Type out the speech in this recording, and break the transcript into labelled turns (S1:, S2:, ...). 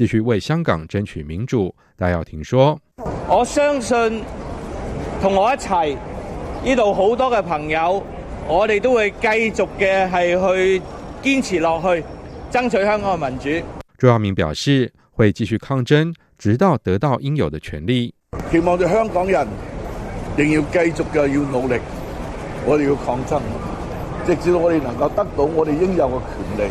S1: 繼續為香港爭取民主，戴耀廷說：
S2: 我相信
S1: 同我一齊呢度好多嘅朋友，我哋都會繼續嘅係去堅持落去，爭取香港嘅民主。朱耀明表示會繼續抗爭，直到得到應有的權利。期望對香港人
S2: 仍要繼續嘅要努力，我哋要抗爭，直至到我哋能夠得
S3: 到我哋應有嘅權利。